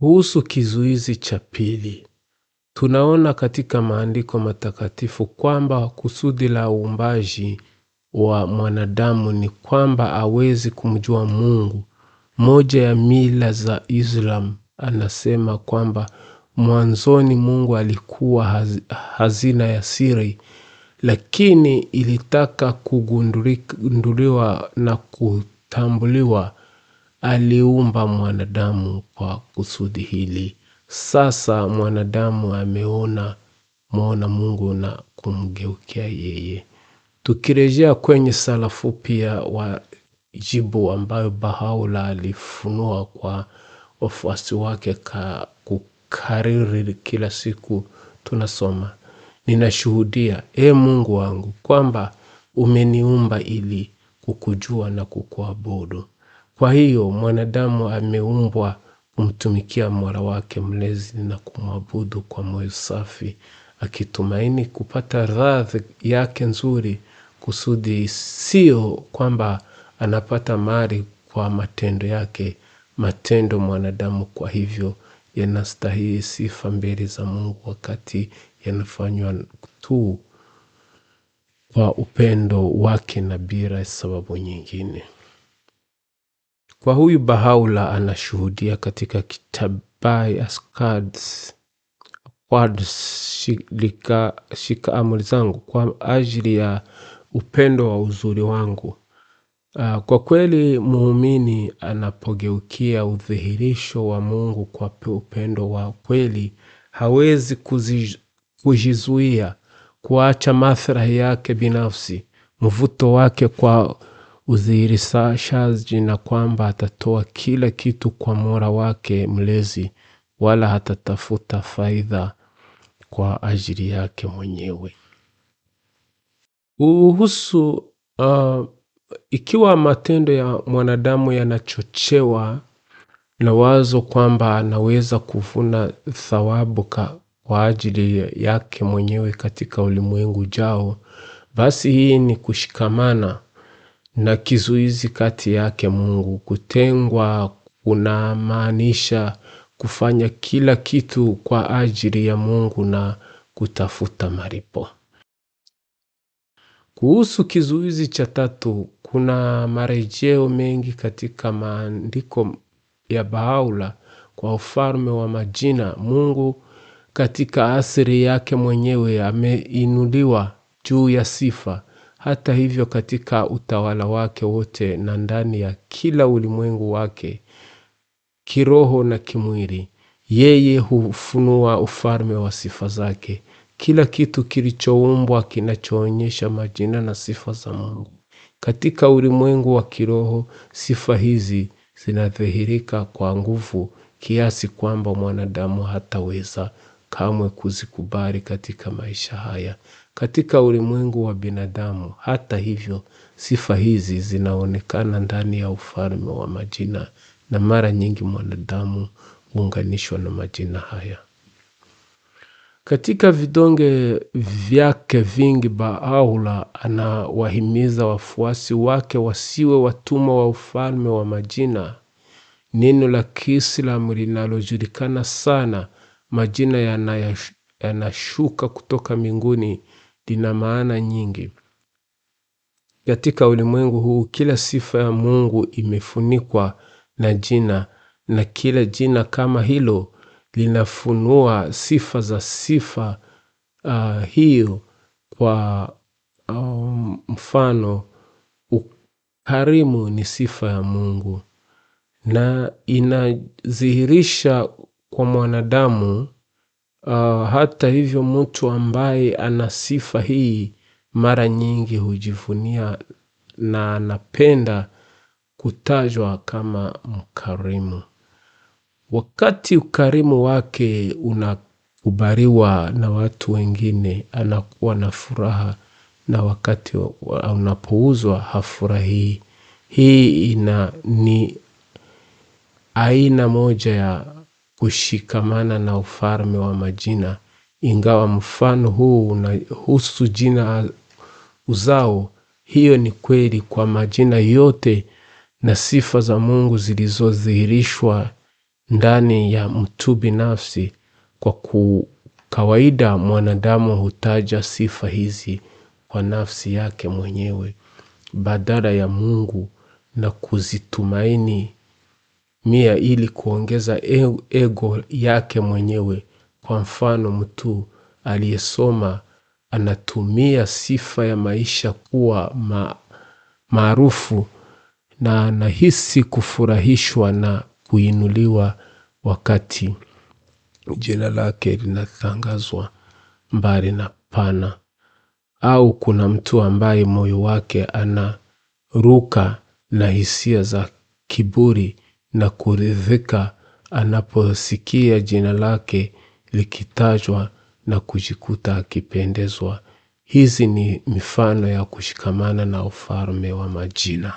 Kuhusu kizuizi cha pili, tunaona katika maandiko matakatifu kwamba kusudi la uumbaji wa mwanadamu ni kwamba awezi kumjua Mungu. Moja ya mila za Islam anasema kwamba mwanzoni Mungu alikuwa hazina ya siri, lakini ilitaka kugunduliwa na kutambuliwa aliumba mwanadamu kwa kusudi hili. Sasa mwanadamu ameona mwona Mungu na kumgeukia yeye. Tukirejea kwenye sala fupi ya wajibu ambayo Bahaula alifunua kwa wafuasi wake ka kukariri kila siku, tunasoma ninashuhudia, e Mungu wangu, kwamba umeniumba ili kukujua na kukuabudu. Kwa hiyo mwanadamu ameumbwa kumtumikia Mola wake mlezi na kumwabudu kwa moyo safi, akitumaini kupata radhi yake nzuri, kusudi sio kwamba anapata mali kwa matendo yake. Matendo mwanadamu kwa hivyo yanastahili sifa mbele za Mungu wakati yanafanywa tu kwa upendo wake na bila sababu nyingine kwa huyu Bahaula anashuhudia katika Kitabai Shika, shika amri zangu kwa ajili ya upendo wa uzuri wangu. Ah, kwa kweli muumini anapogeukia udhihirisho wa Mungu kwa upendo wa kweli, hawezi kujizuia kuacha mathrahi yake binafsi, mvuto wake kwa udhihirishaji na kwamba atatoa kila kitu kwa mora wake mlezi wala hatatafuta faida kwa ajili yake mwenyewe. Uhusu uh, ikiwa matendo ya mwanadamu yanachochewa na wazo kwamba anaweza kuvuna thawabu kwa ajili yake mwenyewe katika ulimwengu jao basi hii ni kushikamana na kizuizi kati yake Mungu. Kutengwa kunamaanisha kufanya kila kitu kwa ajili ya Mungu na kutafuta malipo. Kuhusu kizuizi cha tatu, kuna marejeo mengi katika maandiko ya Baula kwa ufalme wa majina. Mungu katika asili yake mwenyewe ameinuliwa juu ya sifa hata hivyo katika utawala wake wote na ndani ya kila ulimwengu wake, kiroho na kimwili, yeye hufunua ufalme wa sifa zake. Kila kitu kilichoumbwa kinachoonyesha majina na sifa za Mungu. Katika ulimwengu wa kiroho, sifa hizi zinadhihirika kwa nguvu kiasi kwamba mwanadamu hataweza kamwe kuzikubali katika maisha haya katika ulimwengu wa binadamu. Hata hivyo, sifa hizi zinaonekana ndani ya ufalme wa majina na mara nyingi mwanadamu huunganishwa na majina haya. Katika vidonge vyake vingi, baaula anawahimiza wafuasi wake wasiwe watumwa wa ufalme wa majina, neno la Kiislamu linalojulikana sana. Majina yanashuka kutoka mbinguni lina maana nyingi. Katika ulimwengu huu kila sifa ya Mungu imefunikwa na jina na kila jina kama hilo linafunua sifa za sifa uh, hiyo kwa um, mfano ukarimu ni sifa ya Mungu na inadhihirisha kwa mwanadamu Uh, hata hivyo mtu ambaye ana sifa hii mara nyingi hujivunia na anapenda kutajwa kama mkarimu. Wakati ukarimu wake unakubaliwa na watu wengine, anakuwa na furaha, na wakati unapouzwa hafurahii. Hii ina ni aina moja ya kushikamana na ufalme wa majina, ingawa mfano huu unahusu jina uzao. Hiyo ni kweli kwa majina yote na sifa za Mungu zilizodhihirishwa ndani ya mtu binafsi. Kwa kawaida, mwanadamu hutaja sifa hizi kwa nafsi yake mwenyewe badala ya Mungu na kuzitumaini mia ili kuongeza e-, ego yake mwenyewe. Kwa mfano mtu aliyesoma anatumia sifa ya maisha kuwa maarufu na anahisi kufurahishwa na kuinuliwa wakati jina lake linatangazwa mbali na pana. Au kuna mtu ambaye moyo wake anaruka na hisia za kiburi na kuridhika anaposikia jina lake likitajwa na kujikuta akipendezwa. Hizi ni mifano ya kushikamana na ufalme wa majina.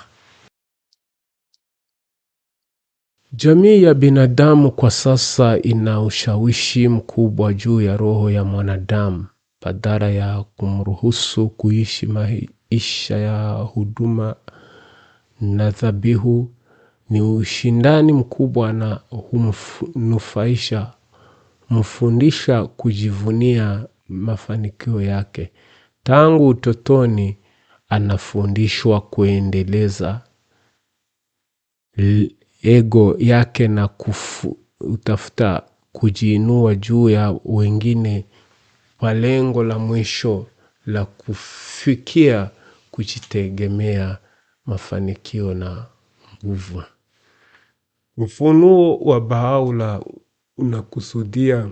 Jamii ya binadamu kwa sasa ina ushawishi mkubwa juu ya roho ya mwanadamu badala ya kumruhusu kuishi maisha ya huduma na dhabihu ni ushindani mkubwa na humnufaisha mfundisha kujivunia mafanikio yake. Tangu utotoni anafundishwa kuendeleza ego yake na kutafuta kujiinua juu ya wengine kwa lengo la mwisho la kufikia kujitegemea mafanikio na nguvu. Ufunuo wa bahaula unakusudia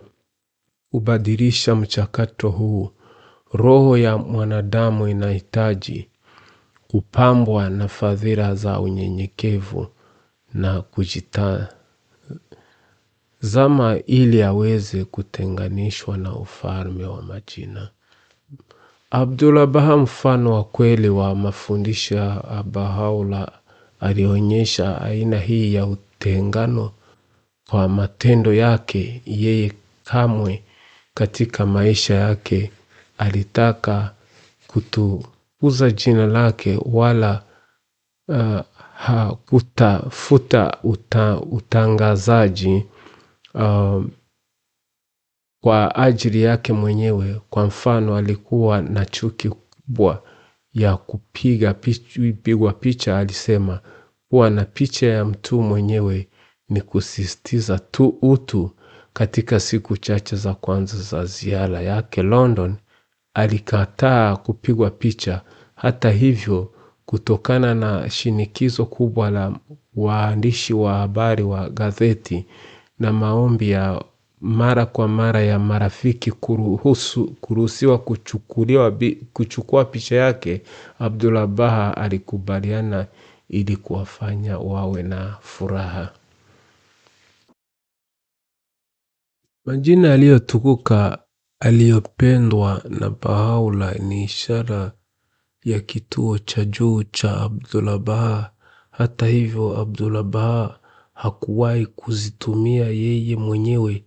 kubadilisha mchakato huu. Roho ya mwanadamu inahitaji kupambwa na fadhila za unyenyekevu na kujitazama ili aweze kutenganishwa na ufalme wa majina. Abdullah Baha, mfano wa kweli wa mafundisho ya bahaula alionyesha aina hii ya utengano kwa matendo yake yeye kamwe katika maisha yake alitaka kutukuza jina lake wala uh, hakutafuta uta, utangazaji uh, kwa ajili yake mwenyewe. Kwa mfano, alikuwa na chuki kubwa ya kupiga pigwa picha. Alisema kuwa na picha ya mtu mwenyewe ni kusisitiza tu utu. Katika siku chache za kwanza za ziara yake London, alikataa kupigwa picha. Hata hivyo, kutokana na shinikizo kubwa la waandishi wa habari wa gazeti na maombi ya mara kwa mara ya marafiki kuruhusiwa kuchukua picha yake, Abdullah Baha alikubaliana ili kuwafanya wawe na furaha. Majina yaliyotukuka aliyopendwa na Bahaula ni ishara ya kituo cha juu cha Abdul Baha. Hata hivyo, Abdul Baha hakuwahi kuzitumia yeye mwenyewe.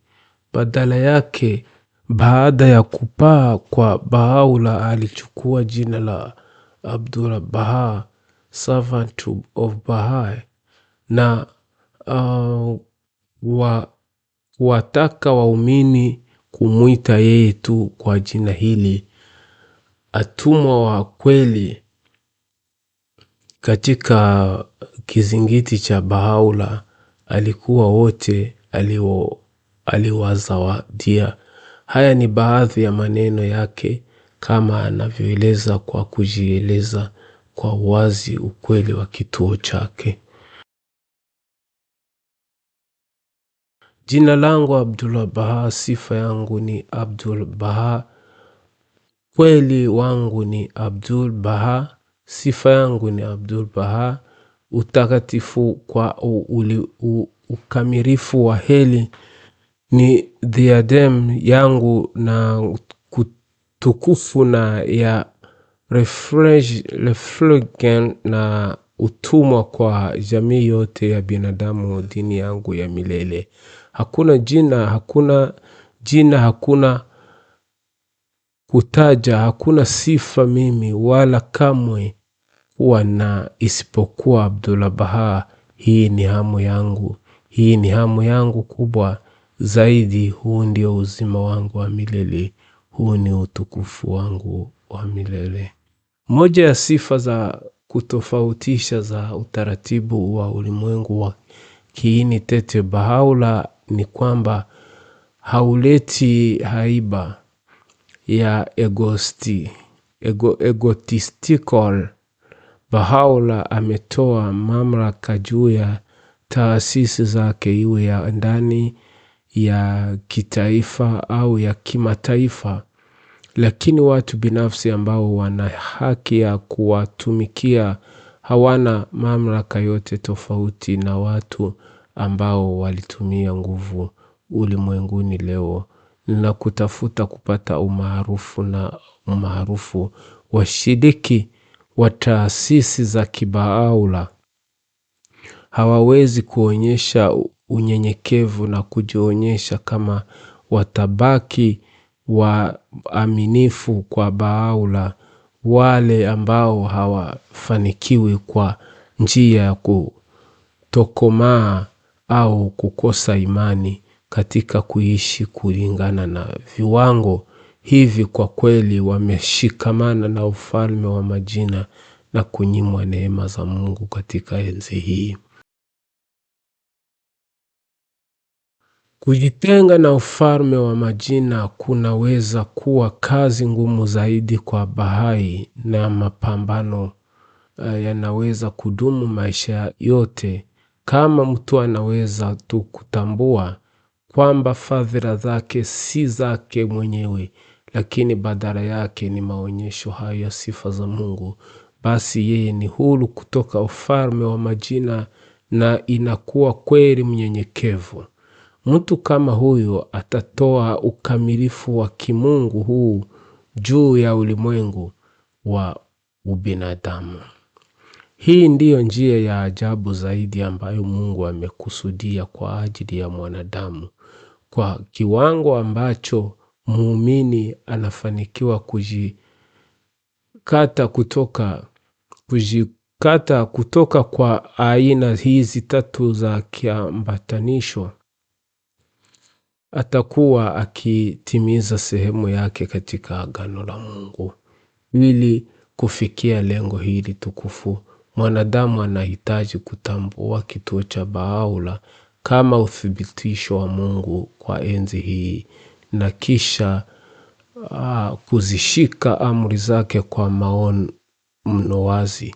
Badala yake, baada ya kupaa kwa Bahaula, alichukua jina la Abdul Baha servant of Baha'i na uh, wa, wataka waumini kumwita yeye tu kwa jina hili, atumwa wa kweli katika kizingiti cha Bahaula alikuwa wote aliwazawadia. Haya ni baadhi ya maneno yake kama anavyoeleza kwa kujieleza kwa wazi ukweli wa kituo chake. Jina langu Abdul Baha, sifa yangu ni Abdul Baha, kweli wangu ni Abdul Baha, sifa yangu ni Abdul Baha, utakatifu kwa u, uli, u, ukamirifu wa heli ni diadem yangu na kutukufu na ya Reflection na utumwa kwa jamii yote ya binadamu dini yangu ya milele. Hakuna jina, hakuna jina, hakuna kutaja, hakuna sifa mimi wala kamwe kuwa na isipokuwa Abdullah Baha. Hii ni hamu yangu, hii ni hamu yangu kubwa zaidi. Huu ndio uzima wangu wa milele, huu ni utukufu wangu wa milele. Moja ya sifa za kutofautisha za utaratibu wa ulimwengu wa kiini tete Bahaula ni kwamba hauleti haiba ya egosti, ego, egotistical. Bahaula ametoa mamlaka juu ya taasisi zake iwe ya ndani ya kitaifa au ya kimataifa lakini watu binafsi ambao wana haki ya kuwatumikia hawana mamlaka yote tofauti na watu ambao walitumia nguvu ulimwenguni leo na kutafuta kupata umaarufu na umaarufu washiriki wa taasisi za kibaaula hawawezi kuonyesha unyenyekevu na kujionyesha kama watabaki waaminifu kwa Baula wale ambao hawafanikiwi kwa njia ya kutokomaa au kukosa imani katika kuishi kulingana na viwango hivi kwa kweli wameshikamana na ufalme wa majina na kunyimwa neema za Mungu katika enzi hii. Kujitenga na ufalme wa majina kunaweza kuwa kazi ngumu zaidi kwa Bahai na mapambano eh, yanaweza kudumu maisha yote kama mtu anaweza tu kutambua kwamba fadhila zake si zake mwenyewe lakini badala yake ni maonyesho hayo ya sifa za Mungu, basi yeye ni huru kutoka ufalme wa majina na inakuwa kweli mnyenyekevu. Mtu kama huyo atatoa ukamilifu wa kimungu huu juu ya ulimwengu wa ubinadamu. Hii ndiyo njia ya ajabu zaidi ambayo Mungu amekusudia kwa ajili ya mwanadamu. Kwa kiwango ambacho muumini anafanikiwa kujikata kutoka, kujikata kutoka kwa aina hizi tatu za kiambatanisho atakuwa akitimiza sehemu yake katika agano la Mungu. Ili kufikia lengo hili tukufu, mwanadamu anahitaji kutambua kituo cha Baha'u'llah kama uthibitisho wa Mungu kwa enzi hii na kisha uh, kuzishika amri zake kwa maono wazi.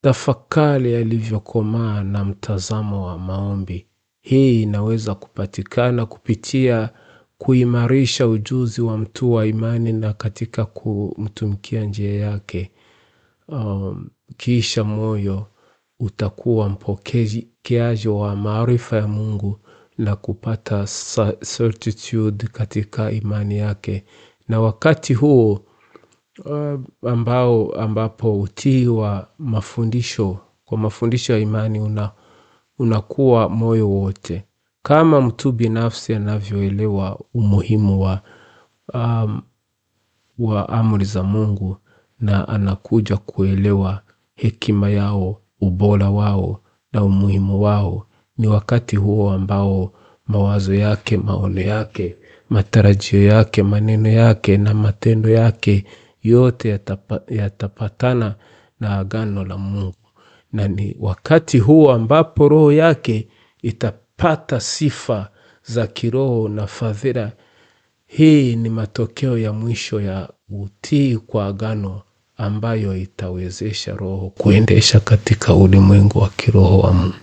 Tafakari alivyokomaa na mtazamo wa maombi hii inaweza kupatikana kupitia kuimarisha ujuzi wa mtu wa imani na katika kumtumikia njia yake. Um, kisha moyo utakuwa mpokeaji wa maarifa ya Mungu na kupata certitude katika imani yake. Na wakati huo um, ambao ambapo utii wa mafundisho kwa mafundisho ya imani una unakuwa moyo wote. Kama mtu binafsi anavyoelewa umuhimu wa um, wa amri za mungu na anakuja kuelewa hekima yao, ubora wao na umuhimu wao ni wakati huo ambao mawazo yake, maono yake, matarajio yake, maneno yake na matendo yake yote yatapatana na agano la mungu na ni wakati huo ambapo roho yake itapata sifa za kiroho na fadhila. Hii ni matokeo ya mwisho ya utii kwa agano ambayo itawezesha roho kuendesha katika ulimwengu wa kiroho wa Mungu.